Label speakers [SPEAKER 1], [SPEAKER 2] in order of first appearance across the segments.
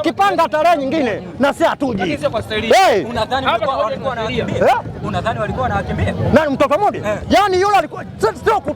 [SPEAKER 1] wakipanga tarehe nyingine na si hatuji. Nani eh? mtoto Mudi? Eh. Yani yule alikuwa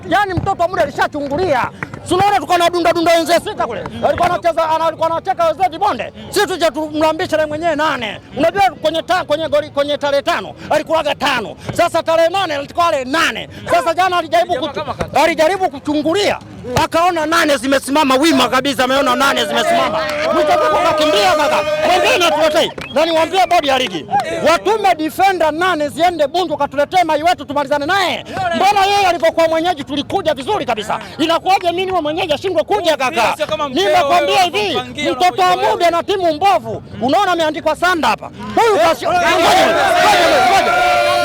[SPEAKER 1] yani mtoto Mudi alishachungulia. sunaona tuko na dunda dunda wenzetu sita kule. Mm. Alikuwa anacheza alikuwa anacheka wenzetu bonde. Sisi mm. tuje tumlambishe na mwenyewe nane. Mm. Unajua kwenye ta, kwenye goli kwenye tarehe tano alikuwaga tano. Sasa tarehe nane alikuwa ale nane. Ah. Sasa jana alijaribu alijaribu kuchungulia akaona nane zimesimama wima kabisa, ameona nane zimesimama, mtakapo kakimbia kaka. Mwingine tuletei na niwaambie bodi ya ligi watume defender nane ziende Bunju katuletee mai wetu tumalizane naye. Mbona yeye alipokuwa mwenyeji tulikuja vizuri kabisa, inakuwaje mimi niwe mwenyeji ashindwe kuja kaka? Nimekwambia hivi mtoto wa muda na timu mbovu, unaona ameandikwa sanda hapa huyu eh,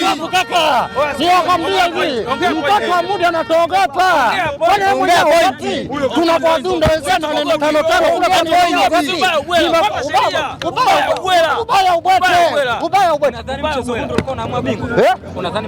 [SPEAKER 1] Ngapi kaka? Sio kwambia hivi. Mpaka muda anatogopa. Kwani muda wapi? Kuna kwa dunda wenzenu na tano tano kuna kwa nini wapi? Ubaya ubaya. Ubaya ubaya.
[SPEAKER 2] Unadhani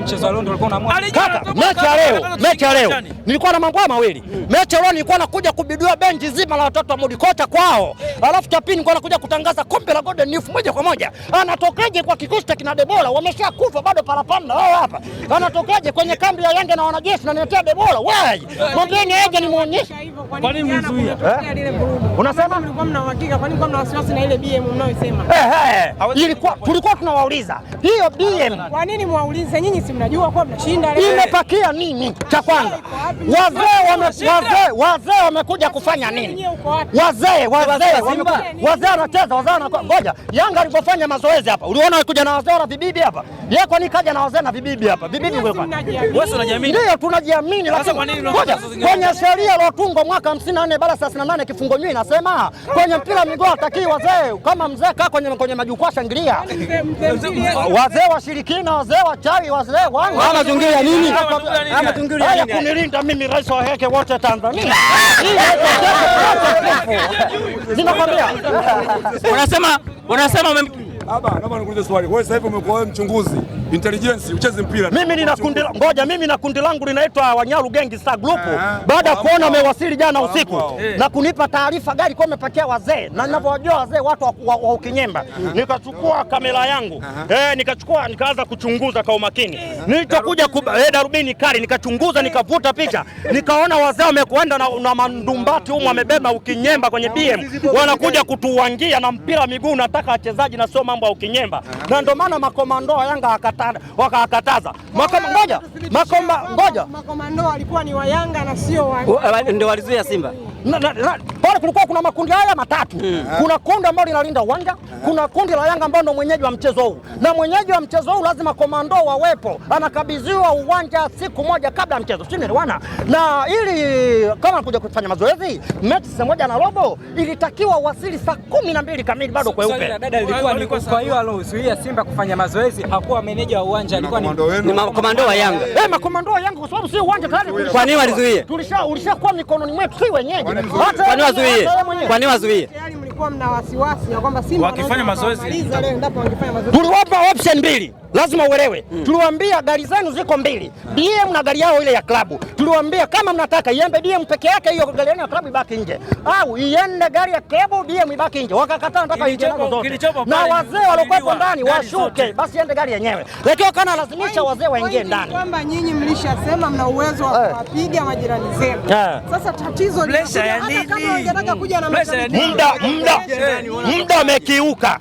[SPEAKER 2] mchezo eh? wa London ulikuwa unamwambia?
[SPEAKER 1] Kaka, mechi ya leo, mechi ya leo. Nilikuwa na mambo mawili. Mechi ya leo nilikuwa nakuja kubidua benchi zima la watoto wa kocha kwao. Alafu cha pili nilikuwa nakuja kutangaza kombe la Golden Youth moja kwa moja. Anatokaje kwa kikosi cha kina Debora? Wameshakufa bado wanapanda wao oh, hapa, wanatokaje kwenye kambi ya Yanga na wanajeshi na niletea debola? Why? Mwambieni aje nimuonyeshe.
[SPEAKER 2] Kwa nini mzuia? Eh?
[SPEAKER 1] Unasema mlikuwa
[SPEAKER 2] mna uhakika, kwa nini kwa mna wasiwasi na ile BM mnayosema?
[SPEAKER 1] Eh, eh, ilikuwa tulikuwa tunawauliza hiyo BM.
[SPEAKER 2] Kwa nini mwaulize? Nyinyi si mnajua kwa
[SPEAKER 1] mnashinda leo. Imepakia nini? Cha kwanza wazee wame wazee wazee wamekuja kufanya nini? Wazee wazee wamekuja wazee wanacheza wazee wanakoja. Yanga alipofanya mazoezi hapa, uliona alikuja na wazee wa bibi hapa. Leo kwa nini kaja na wazee na vibibi hapa? Vibibi wewe wewe unajiamini? Ndio tunajiamini lakini kwa nini ngoja. Kwenye sheria iliyotungwa mwaka 54 bara 38 kifungo nyu inasema kwenye mpira miguu hatakii wazee kama mzee kaa kwenye kwenye majukwaa shangilia. Yaani wazee washirikina, wazee wachawi, wazee wangu. Ana Anazungulia nini? Ana Anazungulia nini? Haya Kunilinda mimi rais wa heke wote Tanzania. Ninakwambia. Unasema unasema
[SPEAKER 3] Aba, naomba nikuulize swali. Wewe sasa hivi umekuwa mchunguzi, intelligence, ucheze mpira.
[SPEAKER 1] Mimi nina kundi ngoja, mimi na kundi langu linaitwa Wanyaru Gang Star Group. Baada ya kuona umewasili jana usiku eh. na kunipa taarifa gari kwa umepakia wazee na ninavyowajua wazee watu wa wa, wa Ukinyemba, nikachukua kamera yangu eh, nikachukua nikaanza kuchunguza kwa umakini. Nilichokuja eh, darubini kali nikachunguza, nikavuta picha, nikaona wazee wamekwenda na na mandumbati huko, wamebeba Ukinyemba kwenye BM, wanakuja kutuangia na mpira miguu, nataka wachezaji na sio mambo ya ukinyemba uh -huh. na ndio maana makomando wa Yanga wakakataza ngoja
[SPEAKER 2] makomando walikuwa ni wa Yanga na sio wa
[SPEAKER 1] ndio walizuia Simba na, na, na, pale kulikuwa kuna makundi haya matatu hmm. kuna kundi ambalo linalinda uwanja hmm. kuna kundi la Yanga ambao ndio mwenyeji wa mchezo huu hmm. na mwenyeji wa mchezo huu lazima komando wawepo, anakabidhiwa uwanja siku moja kabla ya mchezo, sielewana. Na ili kama anakuja kufanya mazoezi mechi saa moja na robo, ilitakiwa wasili saa kumi na mbili kamili bado kweupe.
[SPEAKER 2] Dada ilikuwa ni kwa hiyo aliozuia Simba kufanya mazoezi hakuwa meneja wa uwanja, alikuwa ni
[SPEAKER 1] makomando wa Yanga, eh, makomando wa Yanga, kwa sababu si uwanja tayari. Kwa nini walizuia? Tulisha ulishakuwa mikononi mwetu, si wenyeji hata wazuie? Kwa nini wazuie? Yaani mlikuwa mna
[SPEAKER 2] wasiwasi ya kwamba Simba wakifanya mazoezi,
[SPEAKER 1] tuliwapa option mbili lazima uelewe mm. Tuliwaambia gari zenu ziko mbili DM na gari yao ile ya klabu. Tuliwaambia kama mnataka iende DM peke yake, hiyo gari yenu ya klabu ibaki nje, au iende gari ya klabu DM ibaki nje. Wakakataa, nataka iende nazo zote, na wazee waliokuwa ndani washuke, basi iende gari yenyewe, lakini kana lazimisha wazee waingie ndani,
[SPEAKER 2] kwamba nyinyi mlishasema mna uwezo wa eh. kuwapiga majirani zenu. Eh. Sasa tatizo
[SPEAKER 1] ni kuja muda, muda, muda umekiuka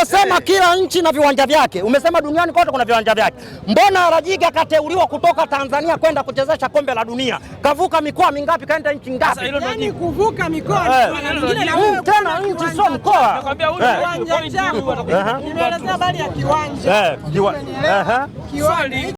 [SPEAKER 1] Umesema kila nchi na viwanja vyake, umesema duniani kote kuna viwanja vyake. Mbona rajiga akateuliwa kutoka Tanzania kwenda kuchezesha kombe la dunia? Kavuka mikoa mingapi, kaenda nchi ngapi?
[SPEAKER 2] Yaani kuvuka mikoa
[SPEAKER 1] eh. tena, nchi sio mkoa.
[SPEAKER 2] Eh. Nimeelezea bali ya kiwanja
[SPEAKER 1] eh,